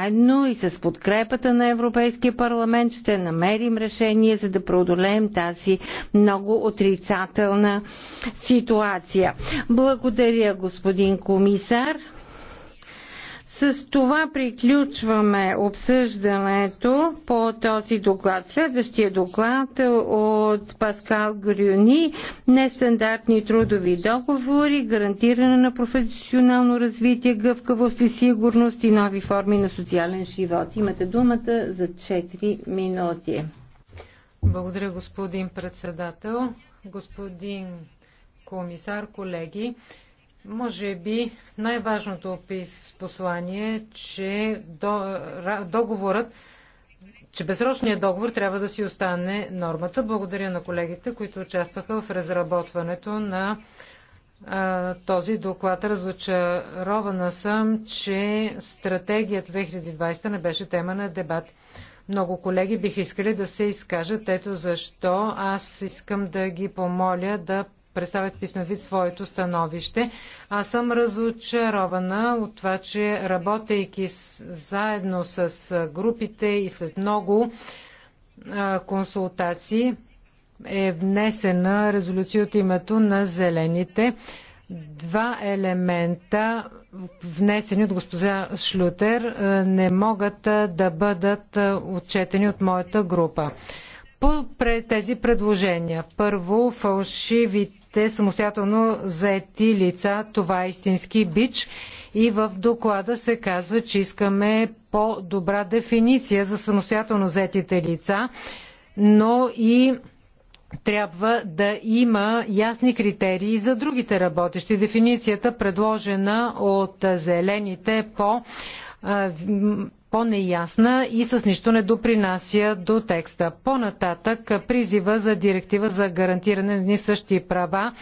заедно и с подкрепата на Европейския парламент ще намерим решение, за да преодолеем тази много отрицателна ситуация. Благодаря, господин комисар. С това приключваме обсъждането по този доклад. Следващия доклад е от Паскал Грюни Нестандартни трудови договори, гарантиране на професионално развитие, гъвкавост и сигурност и нови форми на социален живот. Имате думата за 4 минути. Благодаря, господин председател, господин комисар, колеги. Може би най-важното послание е, че договорът, че безсрочният договор трябва да си остане нормата. Благодаря на колегите, които участваха в разработването на а, този доклад. Разочарована съм, че стратегията 2020 не беше тема на дебат. Много колеги бих искали да се изкажат. Ето защо аз искам да ги помоля да представят писмен вид своето становище. Аз съм разочарована от това, че работейки с, заедно с групите и след много а, консултации е внесена резолюция от името на зелените. Два елемента, внесени от госпожа Шлютер, не могат да бъдат отчетени от моята група по тези предложения. Първо, фалшивите сте самостоятелно заети лица. Това е истински бич. И в доклада се казва, че искаме по-добра дефиниция за самостоятелно заетите лица, но и трябва да има ясни критерии за другите работещи. Дефиницията, предложена от зелените по по-неясна и с нищо не допринася до текста. По-нататък призива за директива за гарантиране на едни същи права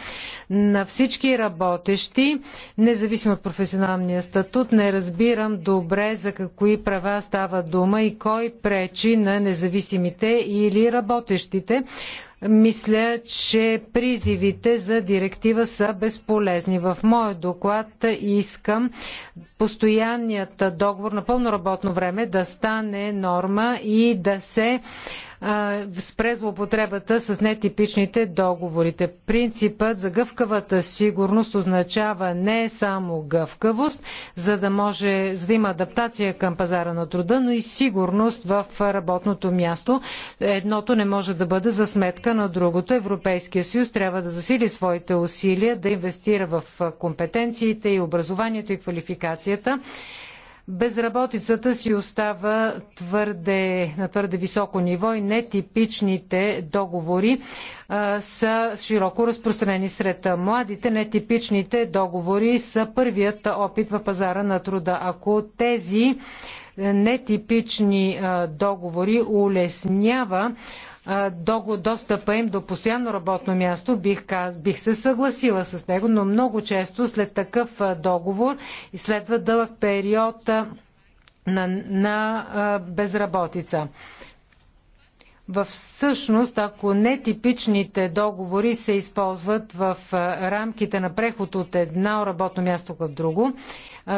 на всички работещи, независимо от професионалния статут, не разбирам добре за какви права става дума и кой пречи на независимите или работещите. Мисля, че призивите за директива са безполезни. В моя доклад искам постоянният договор на пълно работно време да стане норма и да се спре злоупотребата с нетипичните договорите. Принципът за гъвкавата сигурност означава не само гъвкавост, за да може за да има адаптация към пазара на труда, но и сигурност в работното място. Едното не може да бъде за сметка на другото. Европейския съюз трябва да засили своите усилия да инвестира в компетенциите и образованието и квалификацията Безработицата си остава твърде, на твърде високо ниво и нетипичните договори а, са широко разпространени сред младите. Нетипичните договори са първият опит в пазара на труда. Ако тези нетипични договори улеснява достъпа им до постоянно работно място, бих, каз, бих се съгласила с него, но много често след такъв договор следва дълъг период на, на безработица. всъщност, ако нетипичните договори се използват в рамките на преход от едно работно място към друго,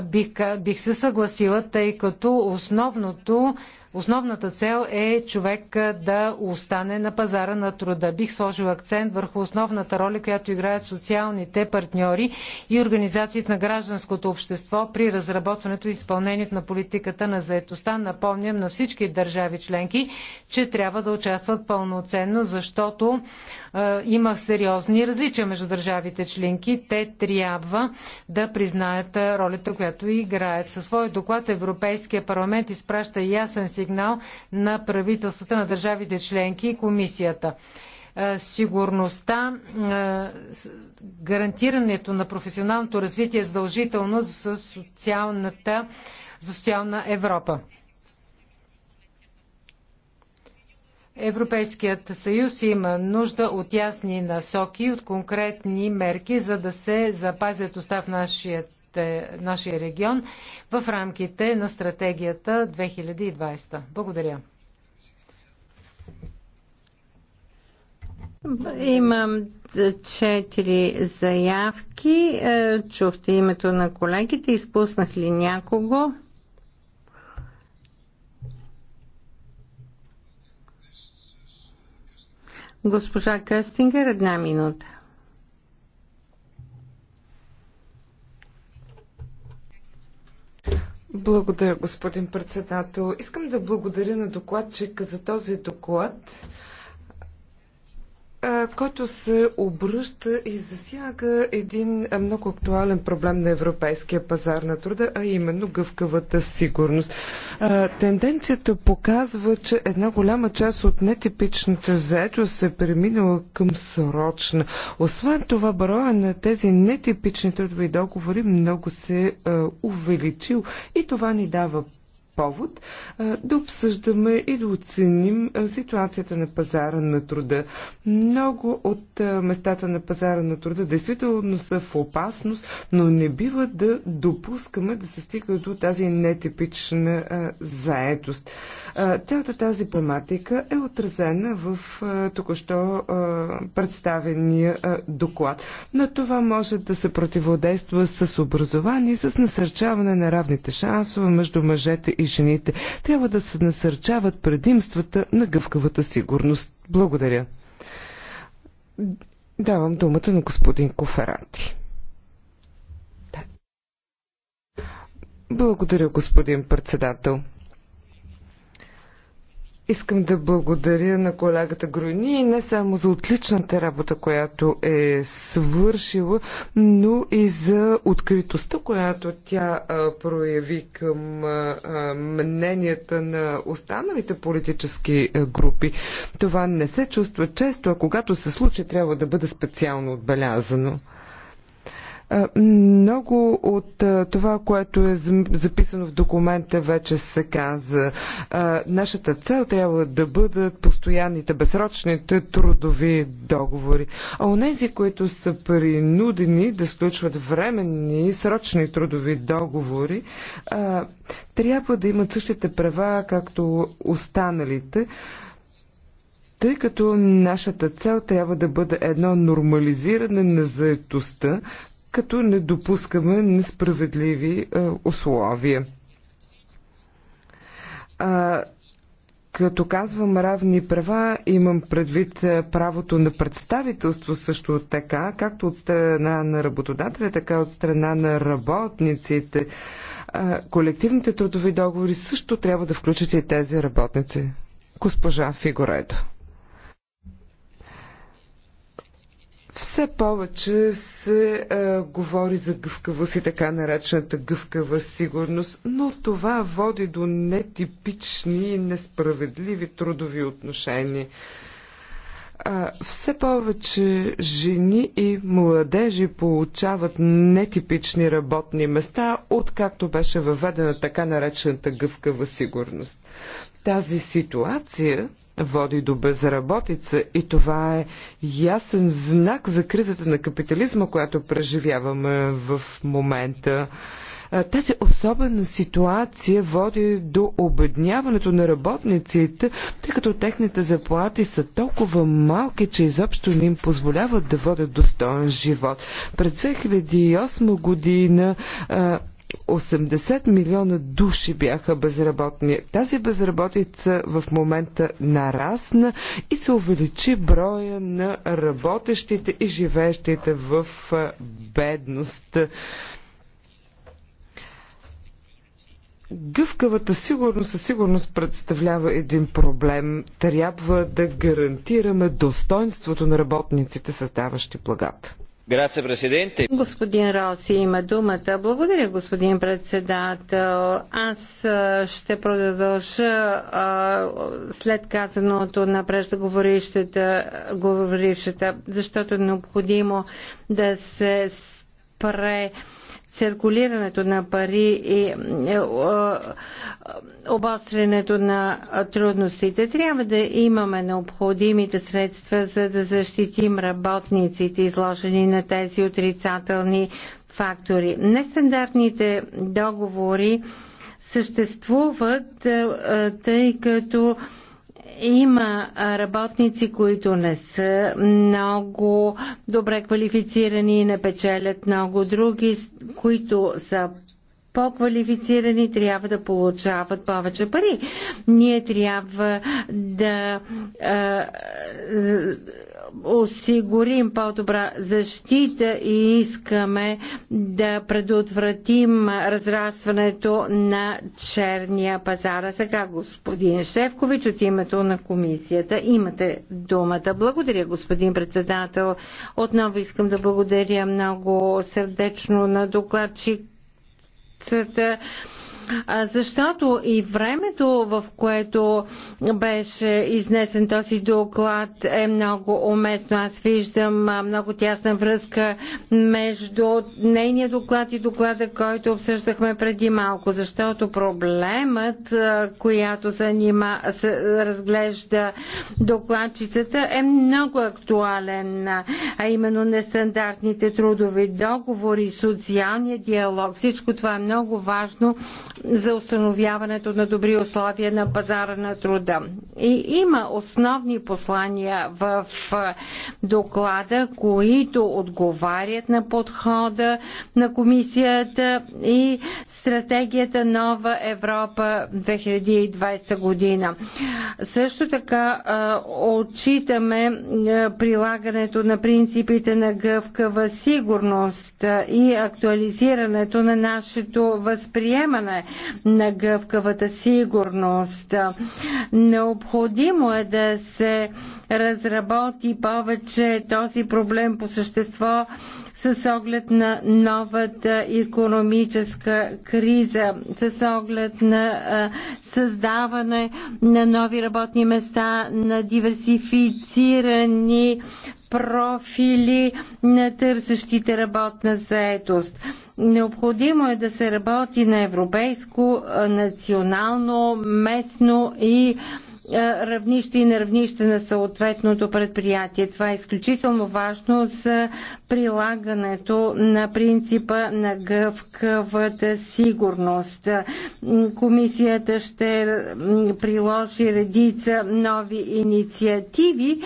бих, бих се съгласила, тъй като основното Основната цел е човек да остане на пазара на труда. Бих сложил акцент върху основната роля, която играят социалните партньори и организациите на гражданското общество при разработването и изпълнението на политиката на заетостта. Напомням на всички държави членки, че трябва да участват пълноценно, защото е, има сериозни различия между държавите членки. Те трябва да признаят е, ролята, която играят. Със своя доклад Европейския парламент изпраща ясен сигнал на правителствата на държавите членки и комисията е, сигурността, гарантирането на професионалното развитие е задължително за социалната, за социална Европа. Европейският съюз има нужда от ясни насоки, от конкретни мерки, за да се запазят остав нашия, нашия регион в рамките на стратегията 2020. Благодаря. Имам четири заявки. Е, чухте името на колегите. Изпуснах ли някого? Госпожа Къстингер, една минута. Благодаря, господин председател. Искам да благодаря на докладчика за този доклад който се обръща и засяга един много актуален проблем на европейския пазар на труда, а именно гъвкавата сигурност. Тенденцията показва, че една голяма част от нетипичната заетост се е преминала към срочна. Освен това, броя на тези нетипични трудови договори много се увеличил и това ни дава повод да обсъждаме и да оценим ситуацията на пазара на труда. Много от местата на пазара на труда действително са в опасност, но не бива да допускаме да се стига до тази нетипична заетост. Цялата тази проблематика е отразена в току-що представения доклад. На това може да се противодейства с образование, с насърчаване на равните шансове между мъжете и и жените. Трябва да се насърчават предимствата на гъвкавата сигурност. Благодаря. Давам думата на господин Коферанти. Благодаря, господин председател. Искам да благодаря на колегата Груни не само за отличната работа, която е свършила, но и за откритостта, която тя а, прояви към а, мненията на останалите политически а, групи. Това не се чувства често, а когато се случи, трябва да бъде специално отбелязано. Много от това, което е записано в документа, вече се каза. Нашата цел трябва да бъдат постоянните, безсрочните трудови договори. А онези, които са принудени да сключват временни, срочни трудови договори, трябва да имат същите права, както останалите тъй като нашата цел трябва да бъде едно нормализиране на заетостта, като не допускаме несправедливи а, е, условия. А, като казвам равни права, имам предвид е, правото на представителство също така, както от страна на работодателя, така от страна на работниците. А, колективните трудови договори също трябва да включат и тези работници. Госпожа Фигурето. Все повече се а, е, говори за гъвкавост и така наречената гъвкава сигурност, но това води до нетипични и несправедливи трудови отношения. А, е, все повече жени и младежи получават нетипични работни места, откакто беше въведена така наречената гъвкава сигурност. Тази ситуация води до безработица и това е ясен знак за кризата на капитализма, която преживяваме в момента. Тази особена ситуация води до обедняването на работниците, тъй като техните заплати са толкова малки, че изобщо не им позволяват да водят достоен живот. През 2008 година 80 милиона души бяха безработни. Тази безработица в момента нарасна и се увеличи броя на работещите и живеещите в бедност. Гъвкавата сигурност със сигурност представлява един проблем. Трябва да гарантираме достоинството на работниците, създаващи благата. Господин Роси има думата. Благодаря, господин председател. Аз ще продължа след казаното на преждоговорившата, защото е необходимо да се спре циркулирането на пари и е, е, е, обострянето на трудностите. Трябва да имаме необходимите средства, за да защитим работниците, изложени на тези отрицателни фактори. Нестандартните договори съществуват, тъй като има работници, които не са много добре квалифицирани и не печелят много други, които са по-квалифицирани трябва да получават повече пари. Ние трябва да а, осигурим по-добра защита и искаме да предотвратим разрастването на черния пазар. А сега, господин Шевкович, от името на комисията имате думата. Благодаря, господин председател. Отново искам да благодаря много сърдечно на докладчик защото и времето, в което беше изнесен този доклад е много уместно. Аз виждам много тясна връзка между нейния доклад и доклада, който обсъждахме преди малко, защото проблемът, която занима, се разглежда докладчицата е много актуален, а именно нестандартните трудови договори, социалния диалог, всичко това е много важно за установяването на добри условия на пазара на труда. И има основни послания в доклада, които отговарят на подхода на комисията и стратегията Нова Европа 2020 година. Също така отчитаме прилагането на принципите на гъвкава сигурност и актуализирането на нашето възприемане на гъвкавата сигурност. Необходимо е да се разработи повече този проблем по същество с оглед на новата економическа криза, с оглед на създаване на нови работни места, на диверсифицирани профили на търсещите работна заетост. Необходимо е да се работи на европейско, национално, местно и равнище и неравнище на съответното предприятие. Това е изключително важно за прилагането на принципа на гъвкавата сигурност. Комисията ще приложи редица нови инициативи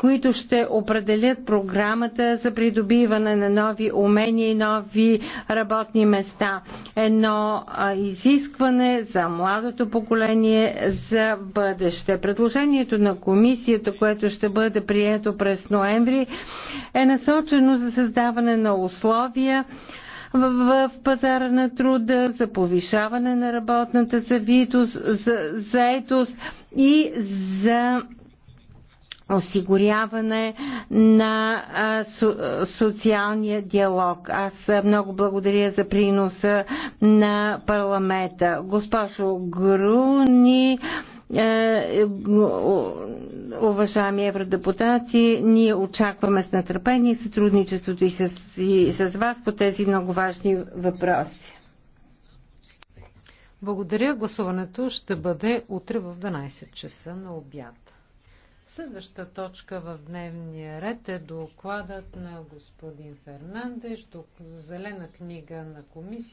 които ще определят програмата за придобиване на нови умения и нови работни места. Едно изискване за младото поколение за бъдеще. Предложението на комисията, което ще бъде прието през ноември, е насочено за създаване на условия в, пазара на труда, за повишаване на работната завитост, за заетост и за осигуряване на социалния диалог. Аз много благодаря за приноса на парламента. Госпожо Груни, е, уважаеми евродепутати, ние очакваме с нетърпение сътрудничеството и с, и с вас по тези много важни въпроси. Благодаря. Гласуването ще бъде утре в 12 часа на обяд. Следваща точка в дневния ред е докладът на господин Фернандеш, зелена книга на комисия.